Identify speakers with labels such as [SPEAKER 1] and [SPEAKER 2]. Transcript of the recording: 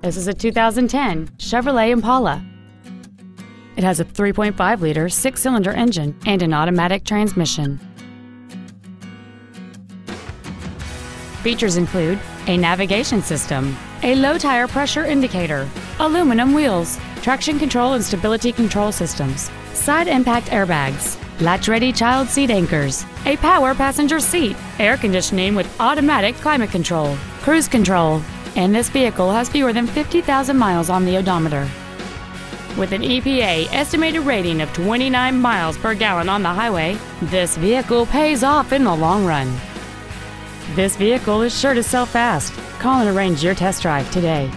[SPEAKER 1] This is a 2010 Chevrolet Impala. It has a 3.5-liter six-cylinder engine and an automatic transmission. Features include a navigation system, a low tire pressure indicator, aluminum wheels, traction control and stability control systems, side impact airbags, latch-ready child seat anchors, a power passenger seat, air conditioning with automatic climate control, cruise control, and this vehicle has fewer than 50,000 miles on the odometer. With an EPA estimated rating of 29 miles per gallon on the highway, this vehicle pays off in the long run. This vehicle is sure to sell fast. Call and arrange your test drive today.